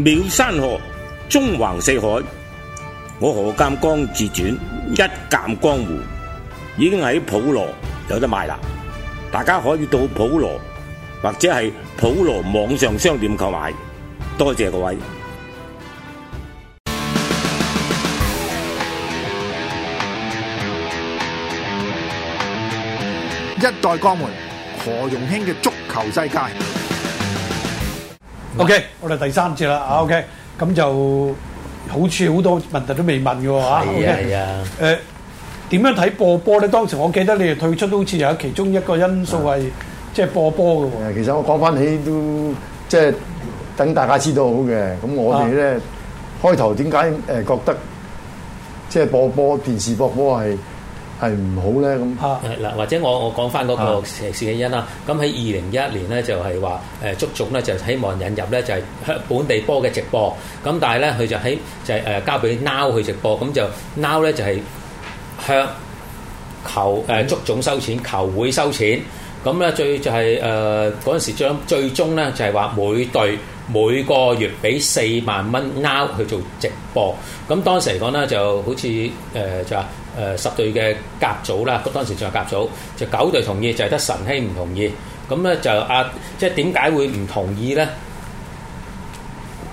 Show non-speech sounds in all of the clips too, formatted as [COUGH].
妙山河，縱橫四海。我何鑑江自傳一鑑江湖，已經喺普羅有得賣啦。大家可以到普羅或者係普羅網上商店購買。多謝各位。一代鋼門何容興嘅足球世界。O、okay, K，我哋第三節啦，O K，咁就好似好多問題都未問嘅喎，嚇，O K，誒點樣睇播波咧？當時我記得你哋退出都好似有其中一個因素係即係播波嘅、啊、其實我講翻起都即係、就是、等大家知道好嘅，咁我哋咧、啊、開頭點解誒覺得即係、就是、播波電視播波係？係唔好咧咁啊！係嗱，或者我我講翻嗰個佘善欣啦。咁喺二零一一年咧，就係話誒足總咧就希望引入咧就係香本地波嘅直播。咁但係咧佢就喺就係、是、誒交俾 now 去直播。咁就 now 咧就係向球誒足總收錢，球會收錢。咁咧最就係誒嗰陣時最終咧就係話每隊每個月俾四萬蚊 now 去做直播。咁當時嚟講咧就好似誒、呃、就話。誒、呃、十隊嘅甲組啦，當時就係甲組，就九隊同意，就係、是、得神興唔同意。咁咧就啊，即係點解會唔同意咧？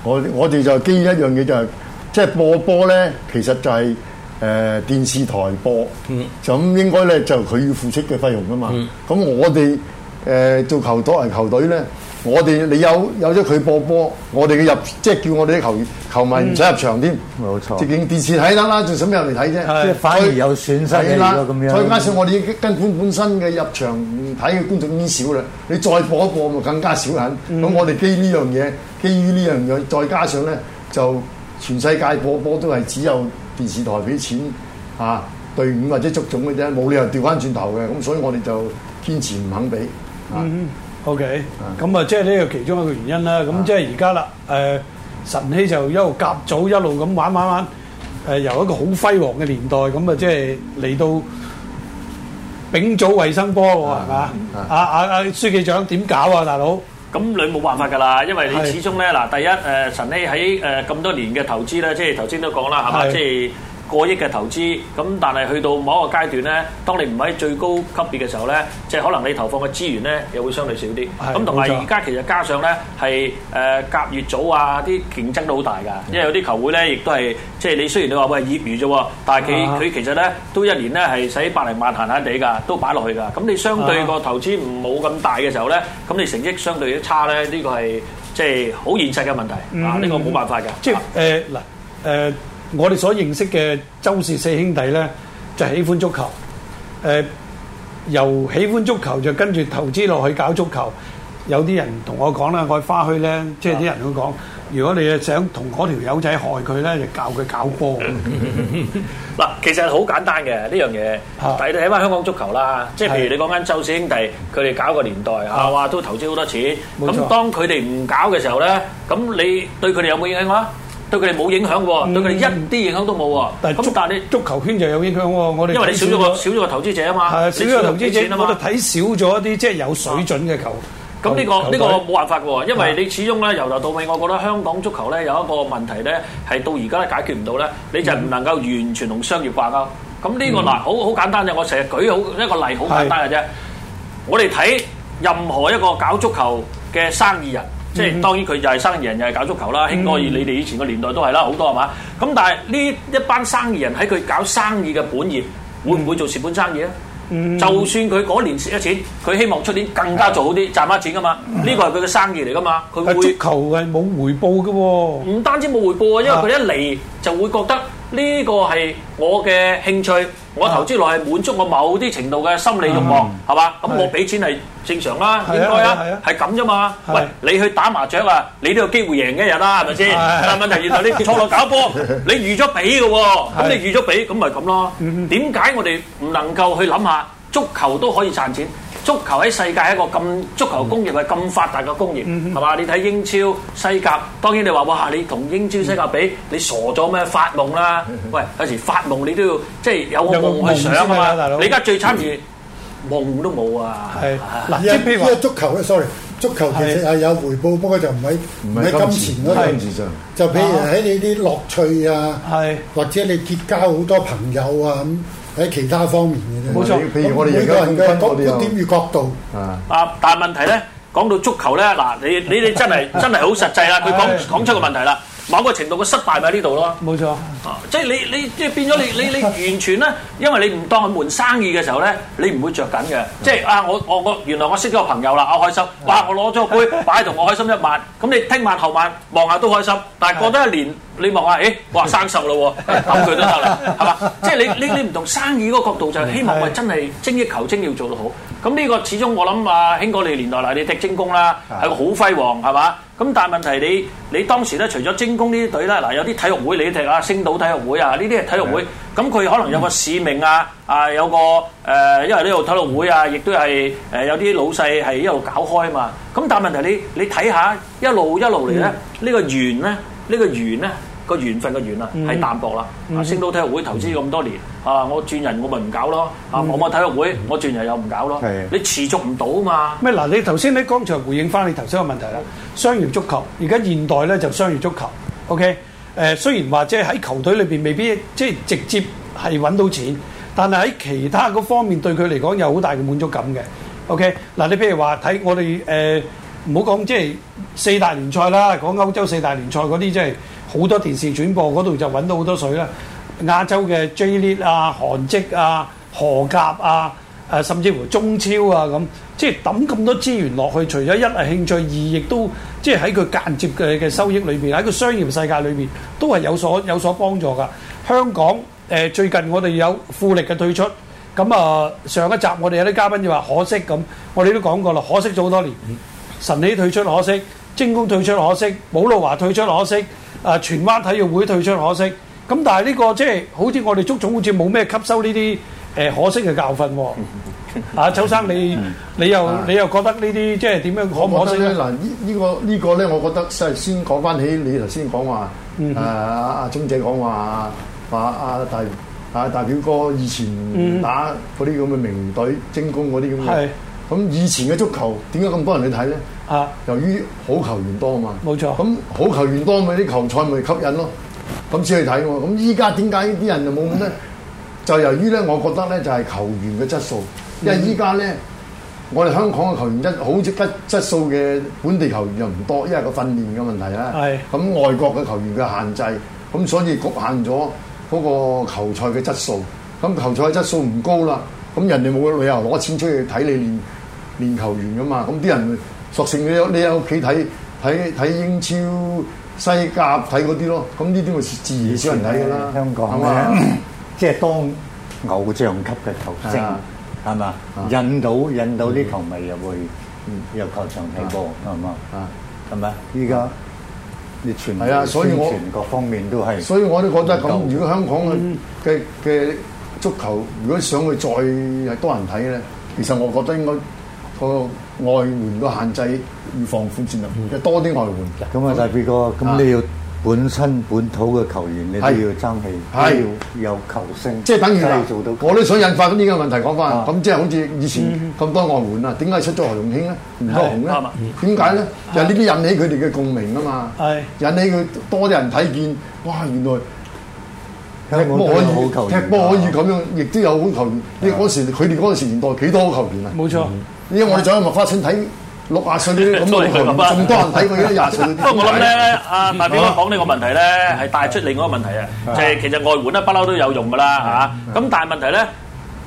我我哋就基於一樣嘢就係、是，即、就、係、是、播波咧，其實就係、是、誒、呃、電視台播，咁、嗯、應該咧就佢、是、要付出嘅費用噶嘛。咁、嗯、我哋誒、呃、做球隊係球隊咧。我哋你有有咗佢播波，我哋嘅入即係叫我哋啲球球迷唔使入場添，冇錯、嗯。直徑電視睇得啦，仲使咩入嚟睇啫？即係反而有損失啦。咁樣再加上我哋根本本身嘅入場唔睇嘅觀眾已經少啦，你再播一播咪更加少人。咁、嗯、我哋基呢樣嘢，基於呢樣嘢，再加上咧，就全世界播波都係只有電視台俾錢啊隊伍或者足總嘅啫，冇理由調翻轉頭嘅。咁所以我哋就堅持唔肯俾。啊、嗯。OK，咁啊，即係呢個其中一個原因啦。咁即係而家啦，誒晨曦就一路夾組，一路咁玩玩玩，誒由一個好輝煌嘅年代，咁啊即係嚟到丙組衞生波喎，係嘛？阿阿阿書記長點搞啊，大佬？咁你冇辦法㗎啦，因為你始終咧嗱，第一誒晨曦喺誒咁多年嘅投資啦，即係頭先都講啦，係嘛，即係。過億嘅投資，咁但係去到某一個階段咧，當你唔喺最高級別嘅時候咧，即係可能你投放嘅資源咧，又會相對少啲。咁同埋而家其實加上咧，係、呃、誒甲乙組啊，啲競爭都好大㗎。嗯、因為有啲球會咧，亦都係即係你雖然你話喂業餘啫，但係佢佢其實咧都一年咧係使百零萬閒閒地㗎，都擺落去㗎。咁你相對個投資冇咁大嘅時候咧，咁、啊啊、你成績相對啲差咧，呢個係即係好現實嘅問題。啊、嗯，呢個冇辦法㗎。即係誒嗱誒。我哋所認識嘅周氏四兄弟咧，就喜歡足球。誒，由喜歡足球就跟住投資落去搞足球。有啲人同我講啦，我花墟咧，即係啲人會講，如果你誒想同嗰條友仔害佢咧，就教佢搞波。嗱，其實好簡單嘅呢樣嘢。但係你睇翻香港足球啦，即係譬如你講緊周氏兄弟，佢哋搞個年代啊，話都投資好多錢。冇錯。當佢哋唔搞嘅時候咧，咁你對佢哋有冇影響啊？對佢哋冇影響嘅喎，對佢哋一啲影響都冇。但係咁，但係你足球圈就有影響喎，我哋因為你少咗個少咗個投資者啊嘛，係少咗個投資者，我哋睇少咗一啲即係有水準嘅球。咁呢個呢個冇辦法嘅喎，因為你始終咧由頭到尾，我覺得香港足球咧有一個問題咧係到而家都解決唔到咧，你就唔能夠完全同商業掛鉤。咁呢個嗱，好好簡單嘅，我成日舉好一個例，好簡單嘅啫。我哋睇任何一個搞足球嘅生意人。即係當然佢就係生意人，嗯、又係搞足球啦，興哥以、嗯、你哋以前個年代都係啦，好多係嘛？咁但係呢一班生意人喺佢搞生意嘅本業，嗯、會唔會做蝕本生意啊？嗯、就算佢嗰年蝕咗錢，佢希望出年更加做好啲，賺返錢㗎嘛？呢個係佢嘅生意嚟㗎嘛？佢會足球係冇回報㗎喎、哦，唔單止冇回報啊，因為佢一嚟就會覺得。呢個係我嘅興趣，我投資落去滿足我某啲程度嘅心理欲望，係嘛、嗯？咁我俾錢係正常啦，的應該啊，係咁啫嘛。喂，你去打麻雀啊，你都有機會贏一日啦、啊，係咪先？的但問題原來你錯落搞波， [LAUGHS] 你預咗俾嘅喎，咁的你預咗俾，咁咪咁咯。點解、嗯、哼我哋唔能夠去諗下足球都可以賺錢？足球喺世界一個咁足球工業係咁發達嘅工業，係嘛？你睇英超、西甲，當然你話哇你同英超、西甲比，你傻咗咩？發夢啦！喂，有時發夢你都要即係有個夢去想啊！大佬，你而家最慘而夢都冇啊！係嗱，即係譬如話足球嘅，sorry，足球其實係有回報，不過就唔喺唔喺金錢嗰度，就譬如喺你啲樂趣啊，或者你結交好多朋友啊咁。喺其他方面嘅啫，冇錯、嗯、譬如我哋而家而家觀點與角度啊，啊！但係問題咧，講到足球咧，嗱，你你你真係 [LAUGHS] 真係好實際啦。佢講 [LAUGHS] 講出個問題啦，某個程度嘅失敗咪喺呢度咯。冇錯，即係、啊、就係、你你即係變咗你你你完全咧，因為你唔當佢門生意嘅時候咧，你唔會着緊嘅。即係、就係、啊，我我我原來我識咗個朋友啦，我開心。 [LAUGHS] 哇！我攞咗個杯，擺同我開心一晚。咁你聽晚後晚望下都開心，但係過多一年。你望下，咦、欸？哇，生銹咯喎，抌佢都得啦，係嘛？即係你你你唔同生意嗰個角度，就希望我真係精益求精，要做到好。咁呢個始終我諗啊，興哥你年代嗱，你踢精工啦，係個好輝煌，係嘛？咁但係問題你你當時咧，除咗精工呢啲隊啦，嗱有啲體育會你踢啊，星島體育會啊，呢啲係體育會，咁佢的可能有個使命啊啊，有個誒、呃，因為呢度體育會啊，亦都係誒有啲老細係一路搞開啊嘛。咁但係問題你你睇下一路一路嚟咧，嗯、個呢個緣咧。個呢個緣咧，個緣份個緣啊，係、mm hmm. 淡薄啦。啊、mm，星島體育會投資咁多年，啊，我轉人我咪唔搞咯。Mm hmm. 啊，我冇體育會，我轉人又唔搞咯。Mm hmm. 你持續唔到嘛？咩嗱、啊？你頭先你剛才回應翻你頭先個問題啦。商業足球而家現，現代咧就商業足球。O K，誒雖然話即係喺球隊裏邊未必即係、就是、直接係揾到錢，但係喺其他嗰方面對佢嚟講有好大嘅滿足感嘅。O K，嗱你譬如話睇我哋誒。呃呃唔好講即係四大聯賽啦，講歐洲四大聯賽嗰啲即係好多電視轉播嗰度就揾到好多水啦。亞洲嘅 J 聯啊、韓職啊、荷甲啊，誒、啊、甚至乎中超啊咁，即係抌咁多資源落去，除咗一係興趣，二亦都即係喺佢間接嘅嘅收益裏邊，喺個商業世界裏邊都係有所有所幫助㗎。香港誒、呃、最近我哋有富力嘅退出，咁啊上一集我哋有啲嘉賓就話可惜咁，我哋都講過啦，可惜咗好多年。晨曦退出可惜，精工退出可惜，寶路華退出可惜，啊荃灣體育會退出可惜，咁、啊、但係呢、這個即係好似我哋足總好似冇咩吸收呢啲誒可惜嘅教訓喎、啊。啊，周生你你又你又覺得呢啲即係點樣可唔可惜咧？嗱，依依個呢個咧，我覺得即係、這個這個、先講翻起你頭先講話，誒阿阿鍾姐講話話阿、啊啊啊、大阿大表哥以前打嗰啲咁嘅名隊精工嗰啲咁嘅，咁是以前嘅足球點解咁多人去睇咧？啊！由於好球員多啊嘛，冇沒錯。咁好球員多咪啲球賽咪吸引咯，咁先去睇喎。咁依家點解啲人就冇咁咧？ [LAUGHS] 就由於咧，我覺得咧就係球員嘅質素，因為依家咧我哋香港嘅球員一好質質質素嘅本地球員又唔多，因為個訓練嘅問題啦。係。咁外國嘅球員嘅限制，咁所以局限咗嗰個球賽嘅質素。咁球賽嘅質素唔高啦，咁人哋冇理由攞錢出去睇你練練球員㗎嘛。咁啲人。索性你喺你喺屋企睇睇睇英超西甲睇嗰啲咯，咁呢啲咪自然少人睇噶啦，香港係咪吧即係當偶像級嘅球星，係嘛？引到引到啲球迷又會、嗯、入球場睇波，係嘛？啊，係咪吧？依家啲全係啊，所以我宣傳各方面都係，所以我都覺得咁。如果香港嘅嘅足球如果想去再多人睇咧，其實我覺得應該。個外援個限制預防苦戰啊，就多啲外援。咁啊，大 B 哥，咁你要本身本土嘅球員，你都要爭氣，要有球星。即係等於做到，我都想引發咁呢個問題講翻。咁即係好似以前咁多外援啊，點解出咗何容興咧？吳國雄咧？點解咧？就呢啲引起佢哋嘅共鳴啊嘛。係引起佢多啲人睇見，哇！原來。踢波可以踢波可以咁樣，亦都有好球員。啲嗰時佢哋嗰陣時年代幾多好球員啊？冇錯，因為我哋走去麥花臣睇六啊歲啲咁多，咁啊咁多人睇佢啲廿歲。不過我諗咧，阿大表哥講呢個問題咧，係帶出另外一個問題啊。就係其實外援咧，不嬲都有用噶啦嚇。咁但係問題咧。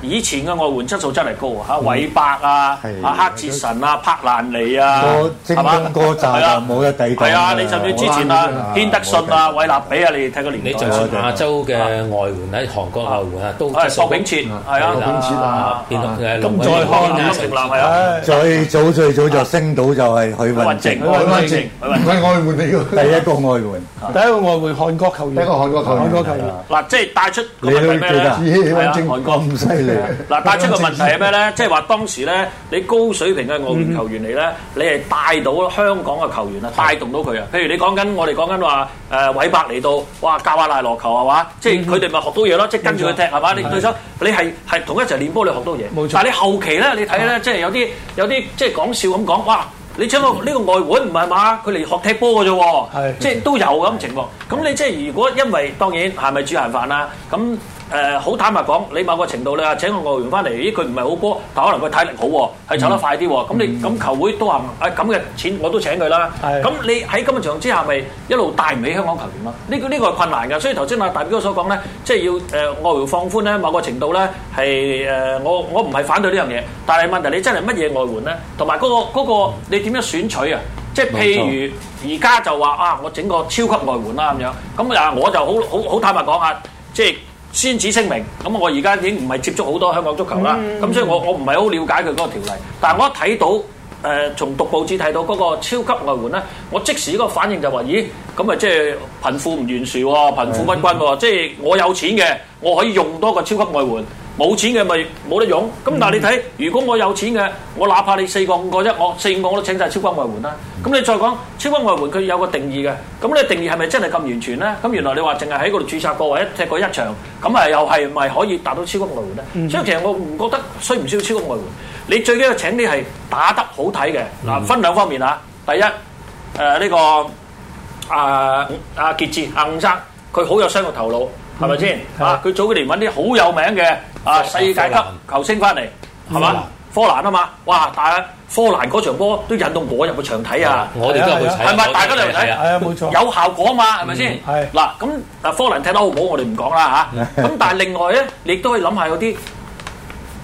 以前嘅外援質素真係高啊！哈，韋伯啊，阿黑捷臣啊，柏蘭尼啊，係嘛？精英哥站啊，冇得抵。係啊，你甚至之前啊，堅德信啊，韋納比啊，你睇個年代。你就算亞洲嘅外援喺韓國外援啊，都係索炳徹，係啊，啊，咁再看李成南，係啊，最早最早就升到就係許文靜，許文靜唔係外援嚟嘅。第一個外援，第一個外援韓國球員，第一個韓國球，韓國球員。嗱，即係帶出你都記得啊，韓國咁嗱，帶出 [LAUGHS] 個問題係咩咧？即係話當時咧，你高水平嘅外援球員嚟咧，你係帶到香港嘅球員啊，嗯、帶動到佢啊。譬如你講緊，我哋講緊話，誒、呃，韋伯嚟到，哇，教下大羅球係嘛？即係佢哋咪學到嘢咯，即係跟住佢踢係嘛錯？你對手，你係係同一齊練波，你學到嘢。冇錯。但係你後期咧，你睇咧、嗯，即係有啲有啲即係講笑咁講，哇！你請個呢個外援唔係嘛？佢嚟學踢波嘅啫喎，嗯、即係都有咁情況。咁你即係如果因為當然係咪煮鹹飯啊？咁誒好、呃、坦白講，你某個程度咧請個外援翻嚟，咦佢唔係好波，但可能佢體力好喎，係走得快啲喎。咁、嗯嗯、你咁球會都話誒咁嘅錢我都請佢啦。咁你喺咁嘅場之下，咪一路帶唔起香港球員咯？呢、這個呢、這個係困難㗎。所以頭先阿大表哥所講咧，即、就、係、是、要誒、呃、外援放寬咧，某個程度咧係誒我我唔係反對呢樣嘢，但係問題你真係乜嘢外援咧？同埋嗰個、那個那個、你點樣選取啊？即、就、係、是、譬如而家就話啊，我整個超級外援啦咁樣咁啊，我就好好坦白講啊，即、就、係、是。先此聲明，咁我而家已經唔係接觸好多香港足球啦，咁、嗯、所以我我唔係好瞭解佢嗰個條例，但我一睇到誒、呃、從讀報紙睇到嗰個超級外援咧，我即時嗰個反應就話：咦，咁啊即係貧富唔懸殊喎，貧富不均喎、啊，即係、嗯、我有錢嘅，我可以用多個超級外援。冇錢嘅咪冇得用，咁嗱你睇，如果我有錢嘅，我哪怕你四個五個一，我四五個我都請晒超級外援啦。咁你再講超級外援，佢有個定義嘅，咁呢定義係咪真係咁完全咧？咁原來你話淨係喺嗰度註冊過或者踢過一場，咁啊又係咪可以達到超級外援咧？ [MUSIC] 所以其實我唔覺得需唔需要超級外援，你最緊要請啲係打得好睇嘅。嗱、呃，分兩方面啊，第一，誒、呃、呢、呢個、呃、啊阿、啊、傑志阿伍生，佢、啊、好、啊、有商業頭腦。係咪先？啊，佢早幾年揾啲好有名嘅啊世界級球星翻嚟，係嘛？科蘭啊嘛，哇！但係科蘭嗰場波都引到我入去場睇啊！我哋都入去睇，係咪？大家嚟睇啊！係啊，冇錯，有效果啊嘛，係咪先？係嗱，咁嗱，科蘭踢得好唔好，我哋唔講啦吓。咁但係另外咧，你都可以諗下嗰啲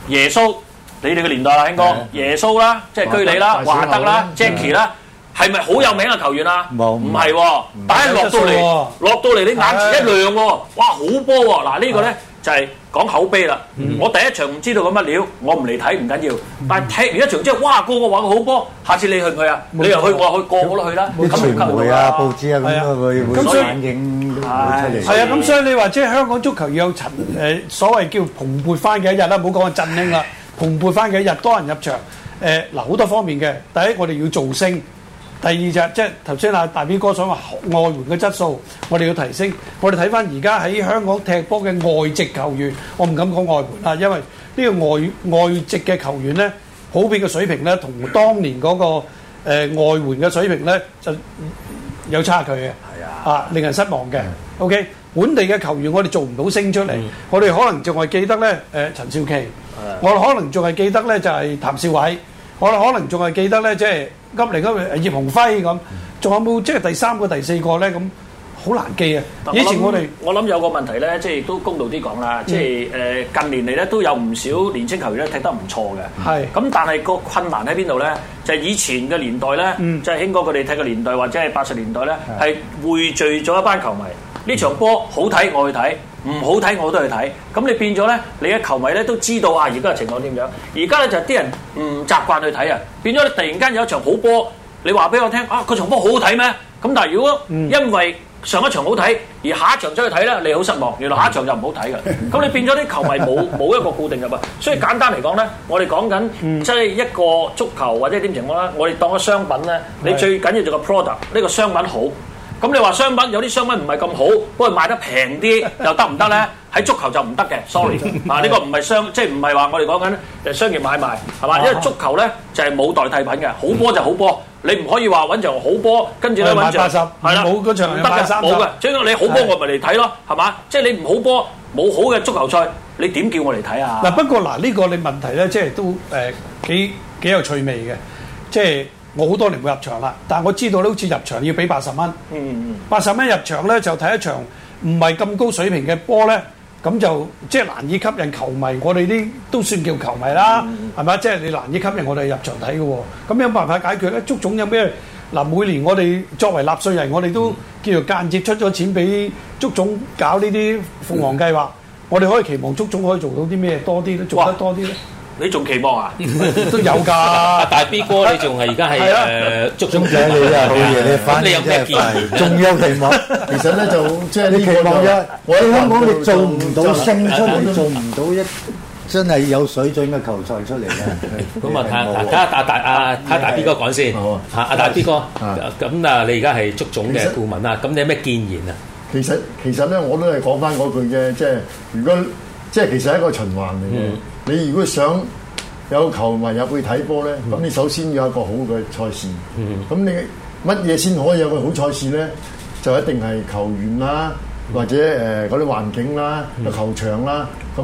耶穌，你哋嘅年代啦，興哥，耶穌啦，即係居里啦，華德啦，Jackie 啦。係咪好有名嘅球員啊？冇，唔係喎。但一落到嚟，落到嚟，你眼前一亮喎！哇，好波喎！嗱，呢個咧就係講口碑啦。我第一場唔知道佢乜料，我唔嚟睇唔緊要。但係踢完一場之後，哇，個個話好波，下次你去唔去啊？你又去，我又去，個個都去啦。咁唔會啊？報紙啊？咁啊，會會反映出嚟。係啊，咁所以你話即係香港足球要有陳誒所謂叫蓬勃翻嘅一日啦，唔好講振興啦，蓬勃翻嘅一日，多人入場誒嗱，好多方面嘅。第一，我哋要做聲。第二就即係頭先啊，大表哥想話外援嘅質素，我哋要提升。我哋睇翻而家喺香港踢波嘅外籍球員，我唔敢講外援啦，因為呢個外外籍嘅球員咧，普遍嘅水平咧，同當年嗰、那個、呃、外援嘅水平咧，就有差距嘅。係啊，啊令人失望嘅。OK，本地嘅球員我哋做唔到升出嚟、嗯呃，我哋可能仲係記得咧誒陳少琪，我哋可能仲係記得咧就係、是、譚少偉，我哋可能仲係記得咧即係。就是就是急嚟嗰個葉鴻輝咁，仲有冇即係第三個、第四個咧？咁好難記啊！以前我哋我諗有個問題咧，即係都公道啲講啦，嗯、即係誒、呃、近年嚟咧都有唔少年青球員咧踢得唔錯嘅。係咁，但係個困難喺邊度咧？就係、是、以前嘅年代咧，即係興哥佢哋踢嘅年代，或者係八十年代咧，係匯、嗯、聚咗一班球迷。呢、嗯、場波好睇，我去睇。唔好睇我都去睇，咁你變咗咧，你嘅球迷咧都知道啊，而家嘅情況點樣？而家咧就啲、是、人唔習慣去睇啊，變咗你突然間有一場好波，你話俾我聽啊，個場波好好睇咩？咁但係如果因為上一場好睇，而下一場走去睇咧，你好失望，原來下一場就唔好睇嘅。咁你變咗啲球迷冇冇 [LAUGHS] 一個固定入啊，所以簡單嚟講咧，我哋講緊即係一個足球或者點情況啦，我哋當個商品咧，你最緊要做個 product 呢個商品好。咁、嗯、你話商品有啲商品唔係咁好，行不過賣得平啲又得唔得咧？喺 [LAUGHS] 足球就唔得嘅，sorry。嗱，呢個唔係商，即係唔係話我哋講緊商業買賣係嘛？因為足球咧就係冇代替品嘅，好波就好波，你唔可以話揾買 80, 的場好波跟住你揾場係啦，冇嗰場唔得嘅，冇嘅。所以你好波我咪嚟睇咯，係嘛？即係你唔好波，冇好嘅足球賽，你點叫我嚟睇啊？嗱、嗯，不過嗱呢、呢個你問題咧，即係都誒、呃、幾幾有趣味嘅，即係。我好多年冇入場啦，但係我知道你好似入場要俾八十蚊。嗯嗯八十蚊入場咧，就睇一場唔係咁高水平嘅波咧，咁就即係難以吸引球迷。我哋啲都算叫球迷啦，係咪、嗯？即係你難以吸引我哋入場睇嘅喎。咁有，有辦法解決咧？足總有咩？嗱，每年我哋作為納稅人，我哋都叫做間接出咗錢俾足總搞呢啲鳳凰計劃。嗯、我哋可以期望足總可以做到啲咩多啲咧？做得多啲咧？你仲期望啊？都有噶。大 B 哥，你仲係而家係誒足總嘅你啊，好嘢！你有咩建議？仲有期望？其實咧就即係你期望咗。我哋香港，你做唔到升出嚟，都做唔到一真係有水準嘅球賽出嚟嘅。咁啊，睇下睇下阿大阿睇下大 B 哥講先。好啊。嚇！阿大 B 哥，咁啊，你而家係足總嘅顧問啦。咁你有咩建言啊？其實其實咧，我都係講翻嗰句啫。即係如果即係其實係一個循環嚟嘅。你如果想有球迷入去睇波咧，咁、嗯、你首先要有一個好嘅賽事，咁、嗯、你乜嘢先可以有個好賽事咧？就一定係球員啦，或者誒嗰啲環境啦、個球場啦，咁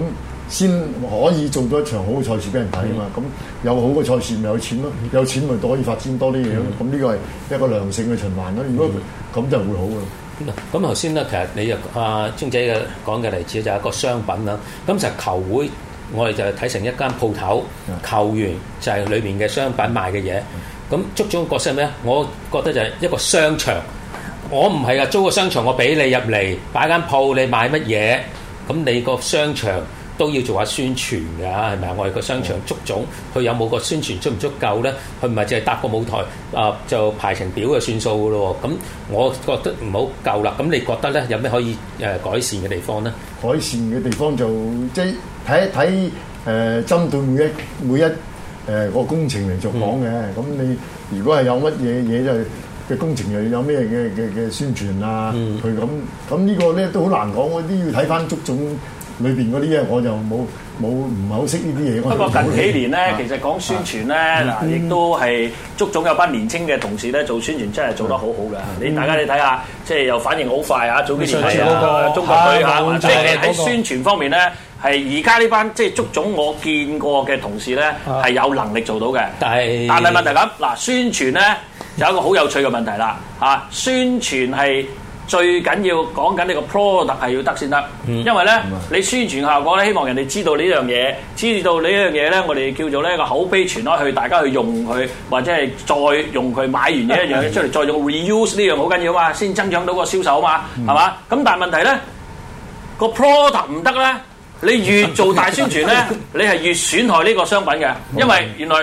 先可以做到一場好嘅賽事俾人睇啊嘛！咁、嗯、有好嘅賽事咪有錢咯，有錢咪都可以發展多啲嘢咯。咁呢、嗯、個係一個良性嘅循環咯。如果咁就會好噶啦。咁頭先咧，其實你阿張仔嘅講嘅例子就係一個商品啦。咁就球會。我哋就睇成一間鋪頭，球員就係裏面嘅商品賣嘅嘢。咁足總嘅角色係咩？我覺得就係一個商場。我唔係啊，租個商場，我畀你入嚟擺間鋪，你買乜嘢？咁你個商場，都要做下宣傳嘅嚇，係咪啊？我哋個商場足總，佢有冇個宣傳足唔足夠咧？佢唔係淨係搭個舞台啊，就排成表就算數嘅咯。咁我覺得唔好夠啦。咁你覺得咧，有咩可以誒改善嘅地方咧？改善嘅地方就即係睇一睇誒，針對每一每一誒個工程嚟做講嘅。咁、嗯、你如果係有乜嘢嘢就嘅、是、工程又有咩嘅嘅嘅宣傳啊？佢咁咁呢個咧都好難講，我都要睇翻足總。裏邊嗰啲咧，我就冇冇唔係好識呢啲嘢。不過近幾年咧，其實講宣傳咧，嗱亦都係足總有班年青嘅同事咧做宣傳，真係做得好好嘅。你大家你睇下，即係又反應好快啊！早幾年啊，中國隊啊，即係喺宣傳方面咧，係而家呢班即係足總我見過嘅同事咧，係有能力做到嘅。但係但係問題咁嗱，宣傳咧有一個好有趣嘅問題啦嚇，宣傳係。最緊要講緊你個 product 係要得先得，嗯、因為呢，嗯、你宣傳效果呢，希望人哋知道呢樣嘢，知道呢樣嘢呢，我哋叫做呢個口碑傳開去，大家去用佢，或者係再用佢買完呢一樣嘢出嚟，再用 reuse 呢樣好緊要啊嘛，先增長到個銷售啊嘛，係嘛、嗯？咁但係問題呢，個 product 唔得呢，你越做大宣傳呢， [LAUGHS] 你係越損害呢個商品嘅，因為原來。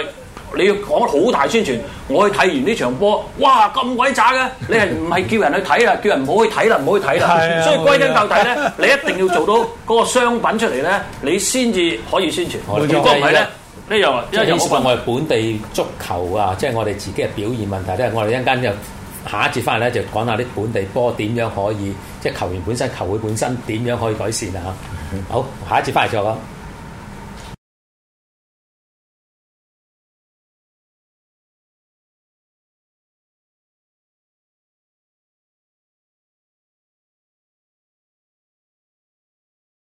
你要講好大宣傳，我去睇完呢場波，哇咁鬼渣嘅！你係唔係叫人去睇啊？叫人唔好去睇啦，唔好去睇啦！ [LAUGHS] 所以歸根究底咧，你一定要做到嗰個商品出嚟咧，你先至可以宣傳。如果唔係咧呢樣，因為以前我係本地足球啊，即係我哋自己嘅表現問題咧。我哋一陣間就下一節翻嚟咧，就講下啲本地波點樣可以，即係球員本身、球會本身點樣可以改善啊！嚇，好下一節翻嚟再講。